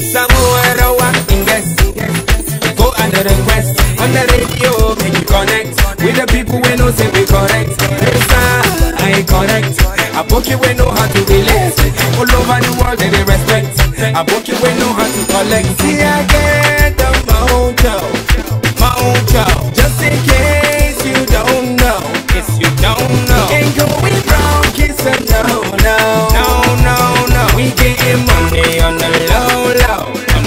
Somewhere over in Go under the quest. On the radio, make you connect. With the people we know say we correct. Star, I correct. I book you we know how to relate. All over the world they, respect. I book you we know how to collect. See I get on my own chow. My own chow.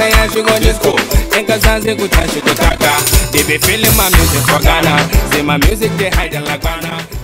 Africa, yeah, she go school. Think us dance, good time, she go taka. They be feeling my music for Ghana. See my music, they hide in like Ghana.